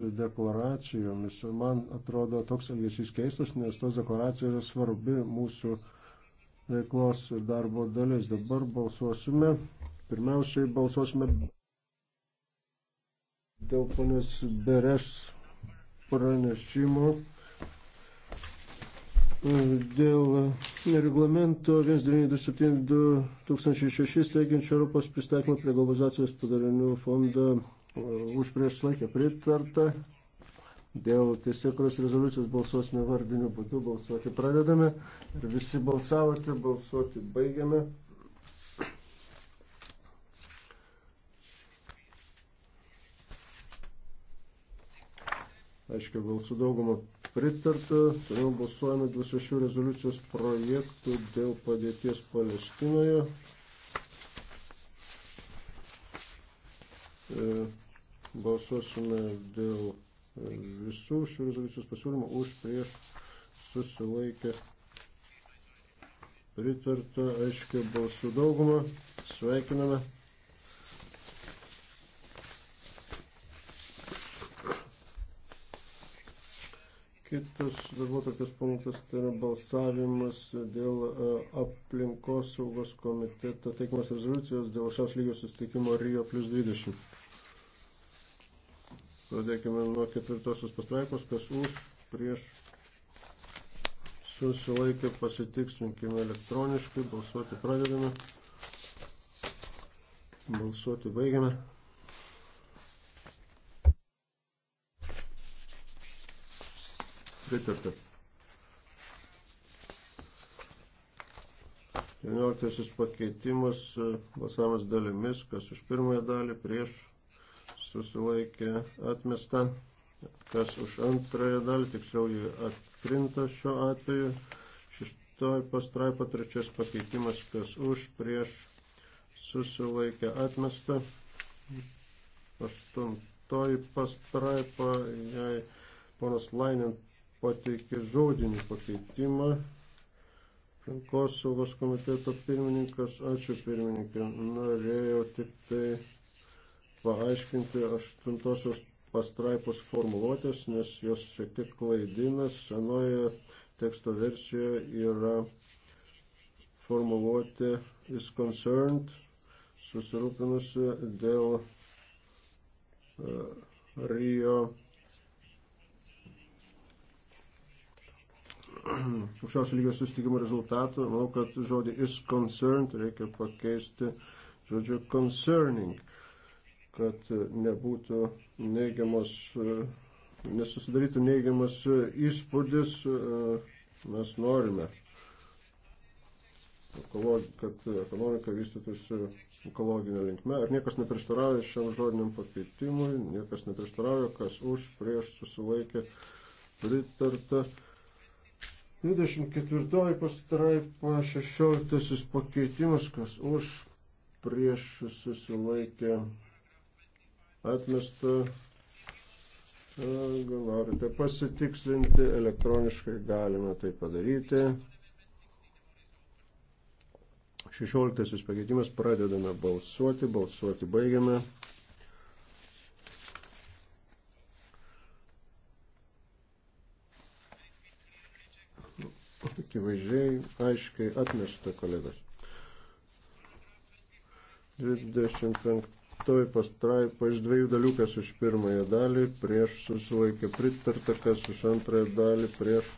deklaracijomis. Man atrodo toks elgesys keistas, nes tos deklaracijos yra svarbi mūsų veiklos ir darbo dalis. Dabar balsuosime. Pirmiausiai balsuosime dėl ponės Beres pranešimo e, dėl reglamento 1927-2006 teikiančio Europos pristatymo prie globalizacijos padarinių fondą už prieš laikę pritarta. Dėl tiesiogros rezoliucijos balsuosime vardiniu būdu, balsuoti pradedame. Ir visi balsavote, balsuoti baigiame. Aiškiai, balsų daugumą pritarta, todėl balsuojame dėl šešių rezoliucijos projektų dėl padėties Palestinoje. E, Balsuosime dėl e, visų šių rezoliucijos pasiūlymų už prieš susilaikę pritarta aiškia balsų daugumą. Sveikiname. Kitas darbotvarkės punktas tai yra balsavimas dėl e, aplinkos saugos komiteto teikimas rezoliucijos dėl šios lygos sustikimo Rio plus 20. Pradėkime nuo ketvirtosios pastraipos, kas už, prieš, susilaikė, pasitikslinkime elektroniškai, balsuoti pradedame, balsuoti baigiame. Pritarta. 19 pakeitimas, balsavimas dalimis, kas už pirmąją dalį, prieš, susilaikė atmesta, kas už antrąją dalį, tiksliau jį atkrinta šiuo atveju. Šeštoji pastraipa, trečias pakeitimas, kas už prieš susilaikė atmesta. Aštuntoji pastraipa, jei ponas Lainin pateikė žodinį pakeitimą, aplinkos saugos komiteto pirmininkas, ačiū pirmininkė, norėjau tik tai paaiškinti aštuntosios pastraipos formuluotės, nes jos šiek tiek klaidina. Senoje teksto versijoje yra formuluotė is concerned, susirūpinusi dėl uh, Rio aukščiausio lygio sustikimo rezultatų. Manau, kad žodį is concerned reikia pakeisti žodžiu concerning kad nebūtų neigiamas, nesusidarytų neigiamas įspūdis, e, mes norime, kad ekonomika vystytųsi ekologinė linkme. Ar niekas neprieštarauja šiam žodiniam pakeitimui, niekas neprieštarauja, kas už, prieš susilaikė, pritarta. 24 pastraipa 16 pakeitimas, kas už, prieš susilaikė, pritarta atmesta. Gal norite pasitikslinti elektroniškai, galime tai padaryti. 16 pakeitimas, pradedame balsuoti, balsuoti baigiame. Akivaizdžiai, aiškiai atmesta kolegas. 25 15 pastraipa iš dviejų dalių, kas už pirmąją dalį, prieš susilaikė pritarta, kas už antrąją dalį, prieš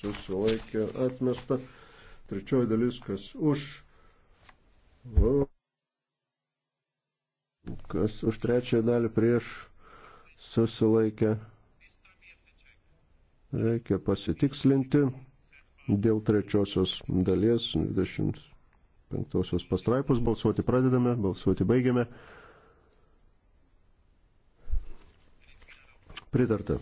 susilaikė atmesta, trečioji dalis, kas už, kas už trečiąją dalį, prieš susilaikė, reikia pasitikslinti dėl trečiosios dalies 25 pastraipos balsuoti pradedame, balsuoti baigiame. Pritarta.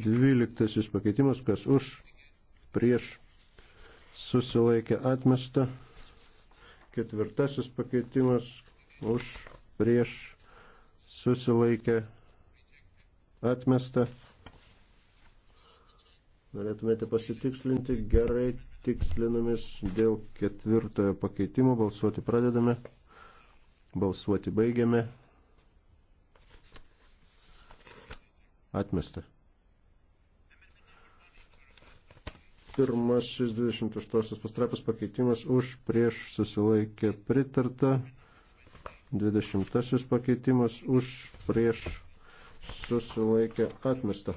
Dvyliktasis pakeitimas, kas už, prieš, susilaikė atmestą. Ketvirtasis pakeitimas, už, prieš, susilaikė atmestą. Norėtumėte pasitikslinti gerai tikslinomis dėl ketvirtojo pakeitimo. Balsuoti pradedame. Balsuoti baigiame. Atmesta. Pirmasis 28 pastraipos pakeitimas už prieš susilaikė pritarta. 20 pakeitimas už prieš susilaikė atmesta.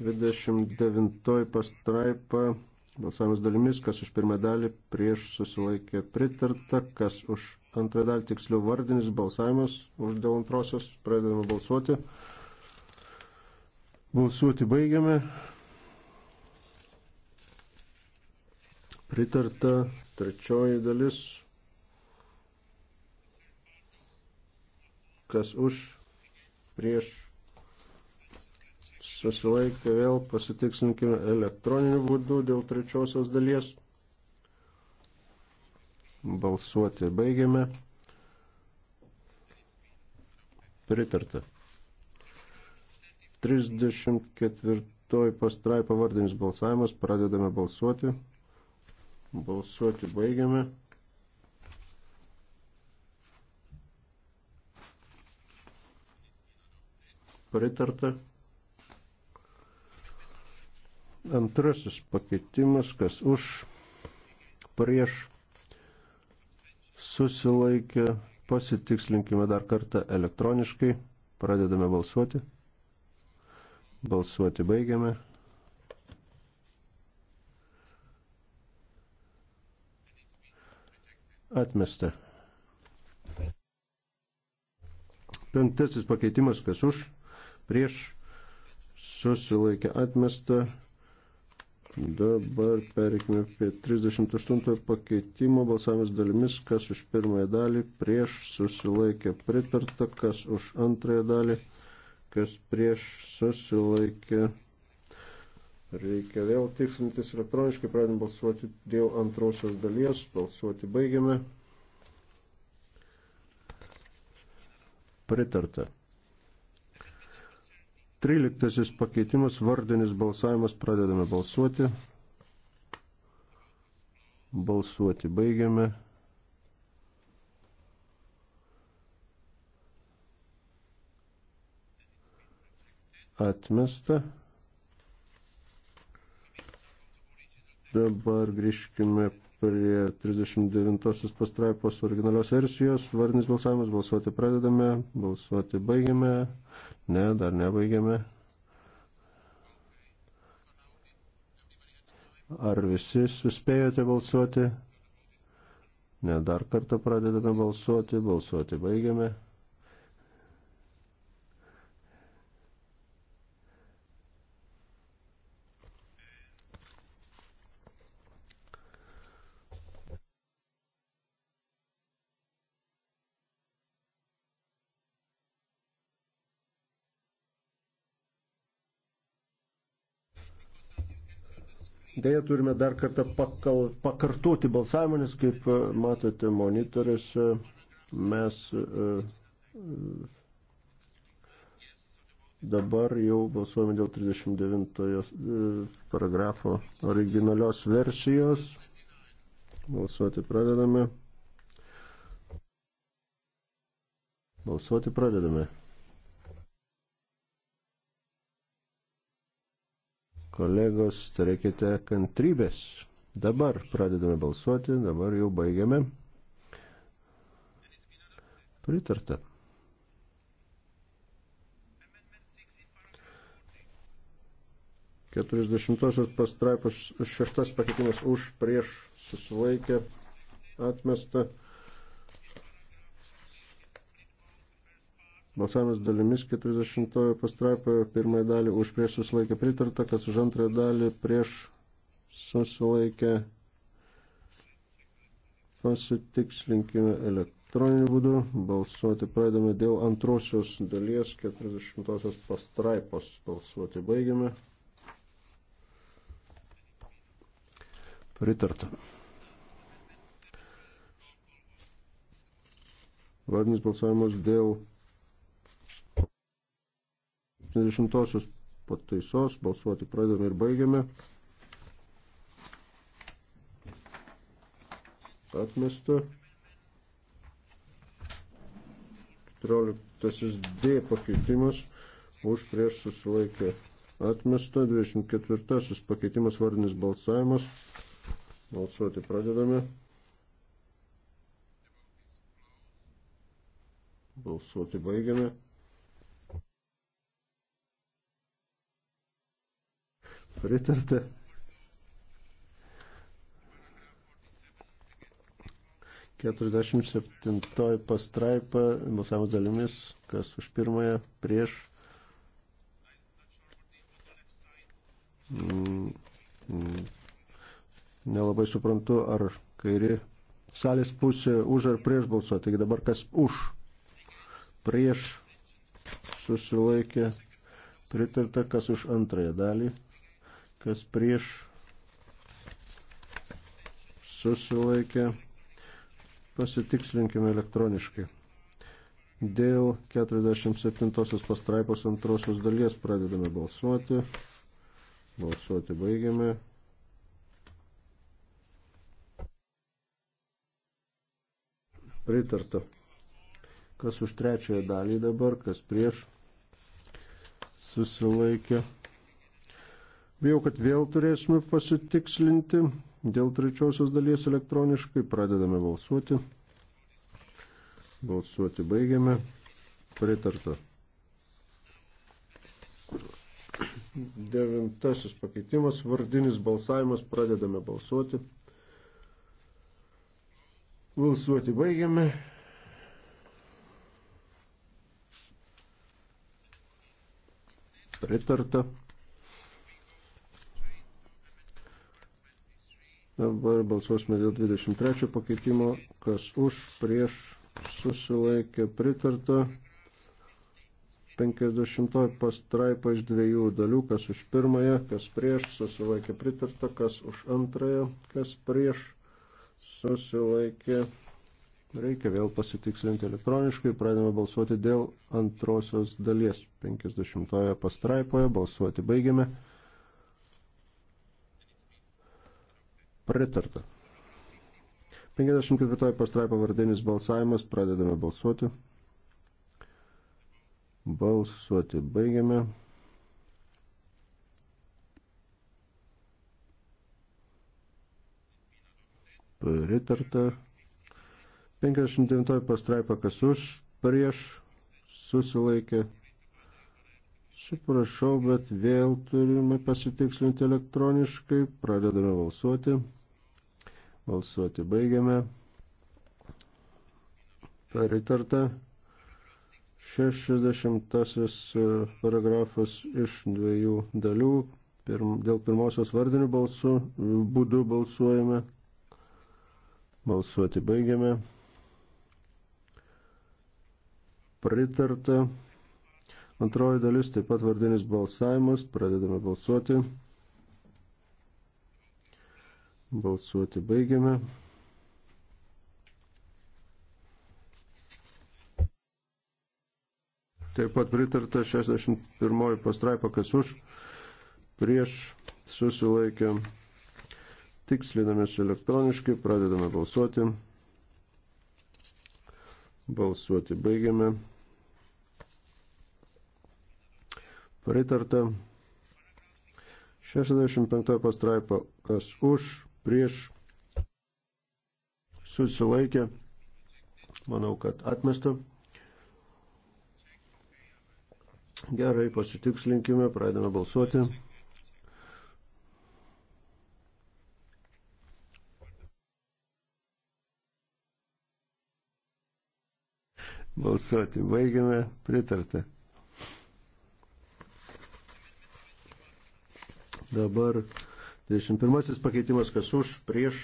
29 pastraipa balsavimas dalimis, kas už pirmą dalį prieš susilaikė pritarta, kas už antrą dalį tiksliau vardinis balsavimas už dėl antrosios, pradedame balsuoti. Balsuoti baigiame. Pritarta trečioji dalis. Kas už, prieš susilaikė vėl, pasitiksinkime elektroniniu būdu dėl trečiosios dalies. Balsuoti baigiame. Pritarta. 34 pastraipa vardinis balsavimas. Pradedame balsuoti. Balsuoti baigiame. Pritarta. Antrasis pakeitimas, kas už, prieš, susilaikė, pasitikslinkime dar kartą elektroniškai, pradedame balsuoti, balsuoti baigiame. Atmesta. Penktasis pakeitimas, kas už, prieš, susilaikė atmesta. Dabar pereikime prie 38 pakeitimo balsavimas dalimis, kas už pirmąją dalį, prieš susilaikė pritarta, kas už antrąją dalį, kas prieš susilaikė. Reikia vėl tikslintis elektroniškai, pradėm balsuoti dėl antrosios dalies, balsuoti baigiame. Pritarta. Tryliktasis pakeitimas, vardinis balsavimas, pradedame balsuoti. Balsuoti baigiame. Atmesta. Dabar grįžkime prie 39 pastraipos originalios versijos. Vardinis balsavimas, balsuoti pradedame, balsuoti baigiame. Ne, dar nebaigėme. Ar visi suspėjote balsuoti? Ne, dar kartą pradedame balsuoti, balsuoti baigiame. Deja, turime dar kartą pakal, pakartoti balsavimą, nes kaip e, matote monitoriuose mes e, e, dabar jau balsuojame dėl 39 paragrafo originalios versijos. Balsuoti pradedame. Balsuoti pradedame. Kolegos, turėkite kantrybės. Dabar pradedame balsuoti, dabar jau baigiame. Pritarta. Keturisdešimtosios pastraipos šeštas pakeitimas už prieš susilaikę atmestą. Balsavimas dalimis 40 pastraipoje pirmąją dalį už prieš susilaikę pritarta, kas už antrąją dalį prieš susilaikę pasitikslinkime elektroniniu būdu. Balsuoti pradame dėl antrosios dalies 40 pastraipos. Balsuoti baigiame. Pritarta. Vardinis balsavimas dėl 70 pataisos, balsuoti pradame ir baigiame. Atmesta. 14 D pakeitimas už prieš susilaikę atmesta. 24 pakeitimas vardinis balsavimas. Balsuoti pradedame. Balsuoti baigiame. Pritarta. Keturiasdešimt septintoji pastraipa, balsavimas dalimis, kas už pirmąją, prieš. Mm, mm. Nelabai suprantu, ar kairi salės pusė už ar prieš balsuo. Taigi dabar kas už, prieš susilaikė, pritarta, kas už antrąją dalį, kas prieš susilaikė, pasitikslinkime elektroniškai. Dėl 47 pastraipos antrosios dalies pradedame balsuoti. Balsuoti baigiame. Pritarta. Kas už trečiąją dalį dabar, kas prieš susilaikė Bijau, kad vėl turėsime pasitikslinti. Dėl trečiosios dalies elektroniškai pradedame balsuoti. Balsuoti baigiame. Pritarta. Devintasis pakeitimas. Vardinis balsavimas. Pradedame balsuoti. Balsuoti baigiame. Pritarta. Dabar balsuosime dėl 23 pakeitimo, kas už, prieš, susilaikė, pritarta. 50 pastraipa iš dviejų dalių, kas už pirmąją, kas prieš, susilaikė, pritarta, kas už antrąją, kas prieš, susilaikė. Reikia vėl pasitikslinti elektroniškai, pradėjome balsuoti dėl antrosios dalies. 50 pastraipoje balsuoti baigiame. Pritarta. 54 pastraipa vardinis balsavimas. Pradedame balsuoti. Balsuoti baigiame. Pritarta. 59 pastraipa kas už, prieš, susilaikė, Suprašau, bet vėl turime pasitikslinti elektroniškai. Pradedame balsuoti. Balsuoti baigiame. Peritarta. 60 e, paragrafas iš dviejų dalių. Pirm, dėl pirmosios vardinių balsų e, būdų balsuojame. Balsuoti baigiame. Pritarta. Antroji dalis taip pat vardinis balsavimas. Pradedame balsuoti. Balsuoti baigiame. Taip pat pritarta 61 pastraipa, kas už, prieš susilaikę. Tikslinamės elektroniškai, pradedame balsuoti. Balsuoti baigiame. Pritarta. 65 pastraipa, kas už, prieš, susilaikė. Manau, kad atmesta. Gerai, pasitikslinkime, pradėme balsuoti. Balsuoti, baigiame, pritartę. Dabar 21 pakeitimas, kas už, prieš,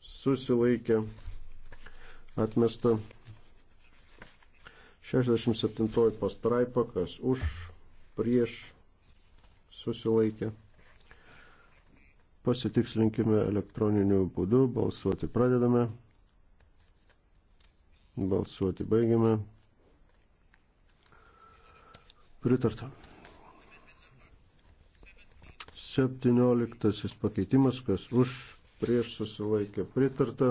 susilaikė, atmesta. 67 pastraipa, kas už, prieš, susilaikė. Pasitikslinkime elektroniniu būdu, balsuoti pradedame, balsuoti baigiame. Pritartam. 17 pakeitimas, kas už prieš susilaikė pritarta.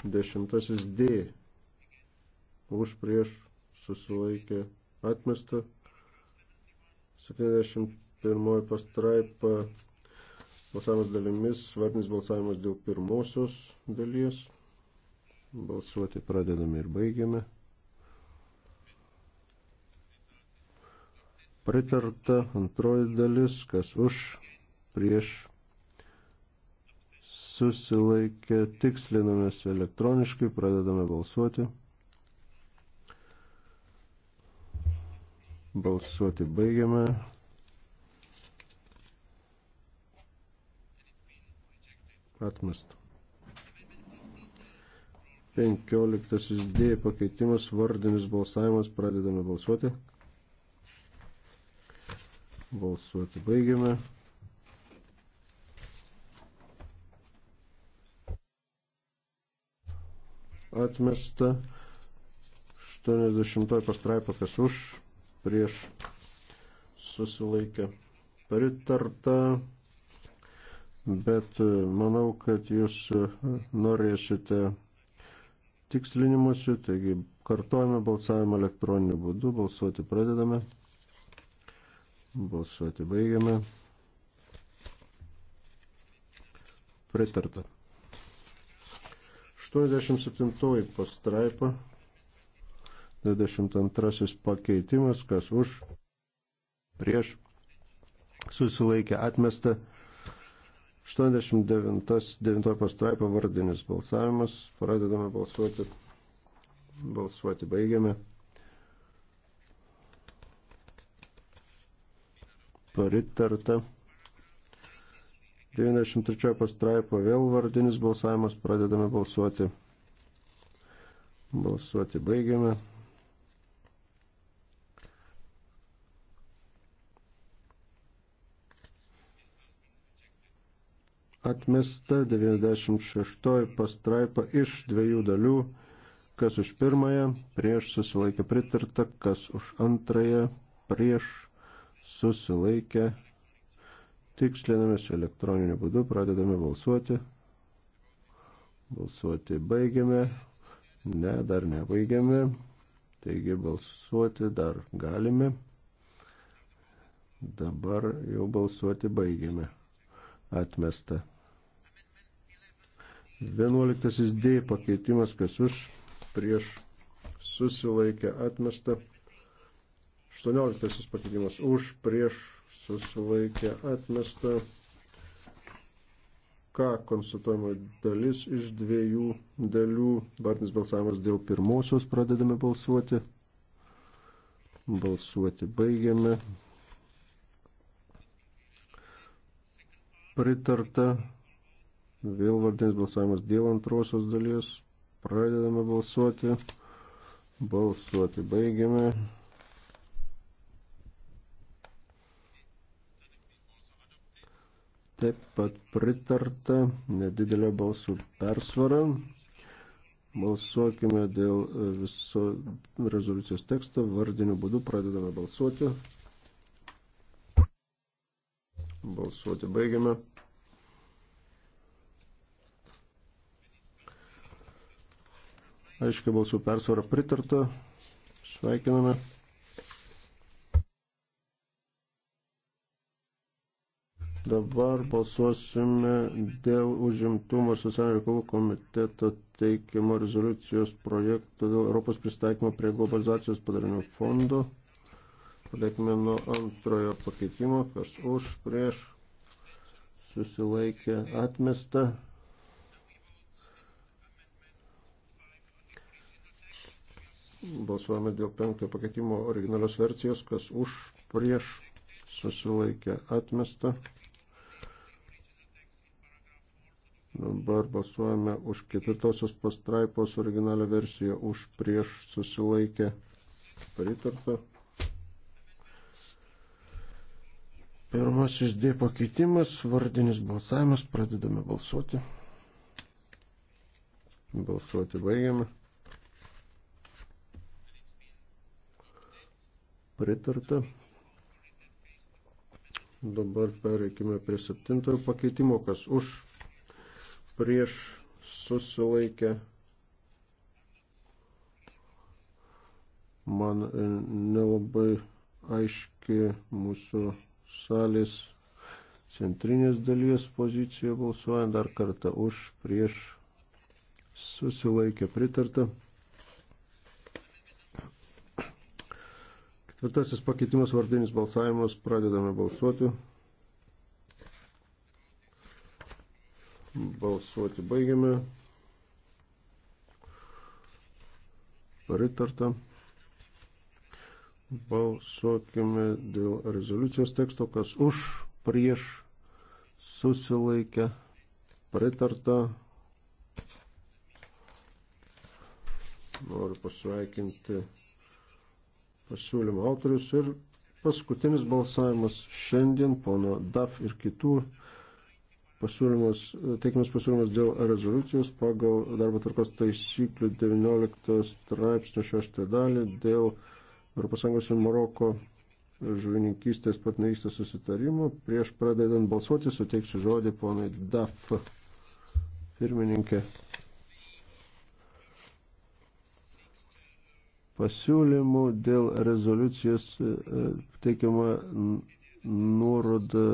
10 D už prieš susilaikė atmesta. 71 pastraipa balsavimas dalimis, vardinis balsavimas dėl pirmosios dalies. Balsuoti pradedame ir baigiame. pritarta, antroji dalis, kas už, prieš, susilaikę, tikslinamės elektroniškai, pradedame balsuoti. Balsuoti baigiame. Atmesta. 15 D pakeitimas, vardinis balsavimas, pradedame balsuoti. Balsuoti baigiame. Atmesta 80 pastraipa, kas už, prieš susilaikę pritarta, bet e, manau, kad jūs e, norėsite tikslinimuose, taigi kartuojame balsavimą elektroniniu būdu, balsuoti pradedame. Balsuoti baigiame. Pritarta. 87 pastraipa. 22 pakeitimas, kas už, prieš, susilaikė atmestą. 89 pastraipa vardinis balsavimas. Pradedame balsuoti. Balsuoti baigiame. pritarta. 93 pastraipo vėl vardinis balsavimas, pradedame balsuoti. Balsuoti baigiame. Atmesta 96 pastraipa iš dviejų dalių, kas už pirmąją, prieš susilaikė pritarta, kas už antrąją, prieš susilaikę, tikslinamės elektroniniu būdu, pradedame balsuoti. Balsuoti baigiame, ne, dar nebaigiame, taigi balsuoti dar galime. Dabar jau balsuoti baigiame. Atmesta. 11 D pakeitimas, kas už, prieš susilaikę atmestą. 18 pakeitimas už, prieš, susilaikė, atmesta. Ką konstatuojama dalis iš dviejų dalių. Vardinis balsavimas dėl pirmosios pradedame balsuoti. Balsuoti baigiame. Pritarta. Vėl vardinis balsavimas dėl antrosios dalies. Pradedame balsuoti. Balsuoti baigiame. Taip pat pritarta nedidelė balsų persvara. Balsuokime dėl e, viso rezoliucijos teksto. Vardiniu būdu pradedame balsuoti. Balsuoti baigiame. Aiškiai balsų persvara pritarta. Sveikiname. Dabar balsuosime dėl užimtumo socialinių reikalų komiteto teikimo rezoliucijos projekto dėl Europos pristaikymo prie globalizacijos padarinių fondo. Pradėkime nuo antrojo pakeitimo, kas už, prieš, susilaikė, atmesta. Balsuojame dėl penktojo pakeitimo originalios versijos, kas už, prieš, susilaikė, atmesta. Dabar balsuojame už ketvirtosios pastraipos originalią versiją, už prieš susilaikę pritartą. Pirmasis D pakeitimas, vardinis balsavimas, pradedame balsuoti. Balsuoti baigiame. Pritarta. Dabar pereikime prie septintojo pakeitimo, kas už prieš susilaikę. Man nelabai aiški mūsų salės centrinės dalies pozicija balsuojant dar kartą už prieš susilaikę pritartą. Ketvirtasis pakeitimas vardinis balsavimas. Pradedame balsuoti. Balsuoti baigiame. Pritarta. Balsuokime dėl rezoliucijos teksto, kas už, prieš, susilaikę, pritarta. Noriu pasveikinti pasiūlymo autorius ir paskutinis balsavimas šiandien, pono DAF ir kitų pasiūlymas, teikiamas pasiūlymas dėl rezoliucijos pagal darbo tvarkos taisyklių 19 straipsnio 6 dalį dėl ES ir Maroko žuvininkystės partnerystės susitarimo. Prieš pradedant balsuoti, suteiksiu žodį ponai DAF pirmininkė. Pasiūlymų dėl rezoliucijos e, e, teikiama nuoroda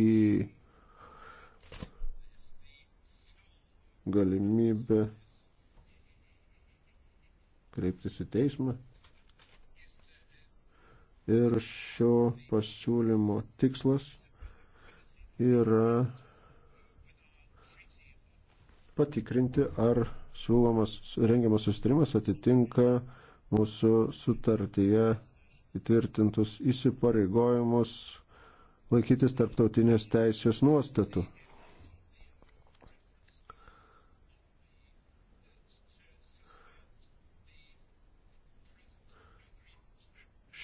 į galimybę kreiptis į teismą. Ir šio pasiūlymo tikslas yra patikrinti, ar siūlomas, rengiamas sustarimas atitinka mūsų sutartyje įtvirtintus įsipareigojimus laikytis tarptautinės teisės nuostatų.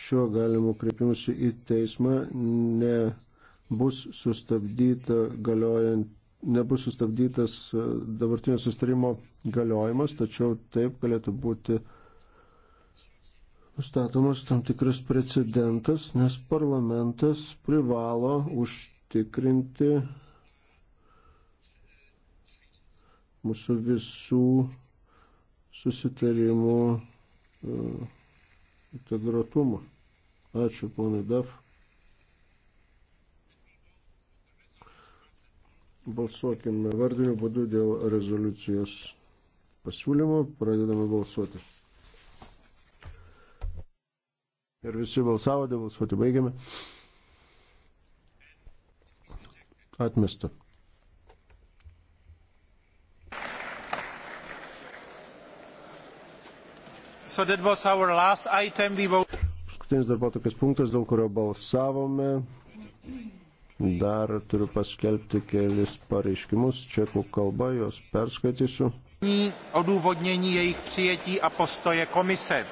Šiuo galimu kreipimusi į teismą nebus sustabdyta galiojant nebus sustabdytas dabartinio sustarimo galiojimas, tačiau taip galėtų būti uh, statomas tam tikras precedentas, nes parlamentas privalo užtikrinti mūsų visų susitarimų e, integruotumą. Ačiū, ponai Daf. Balsuokime vardiniu būdu dėl rezoliucijos pasiūlymo. Pradedame balsuoti. Ir visi balsavo, dėl balsuoti baigiame. Atmesta. So that was our last item. We vote. Paskutinis darbo tokias punktas, dėl kurio balsavome. Dar turiu paskelbti kelis pareiškimus čekų kalba, juos perskaitysiu. Odůvodnění jejich přijetí a postoje komise.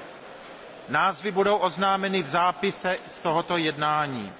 Názvy budou oznámeny v zápise z tohoto jednání.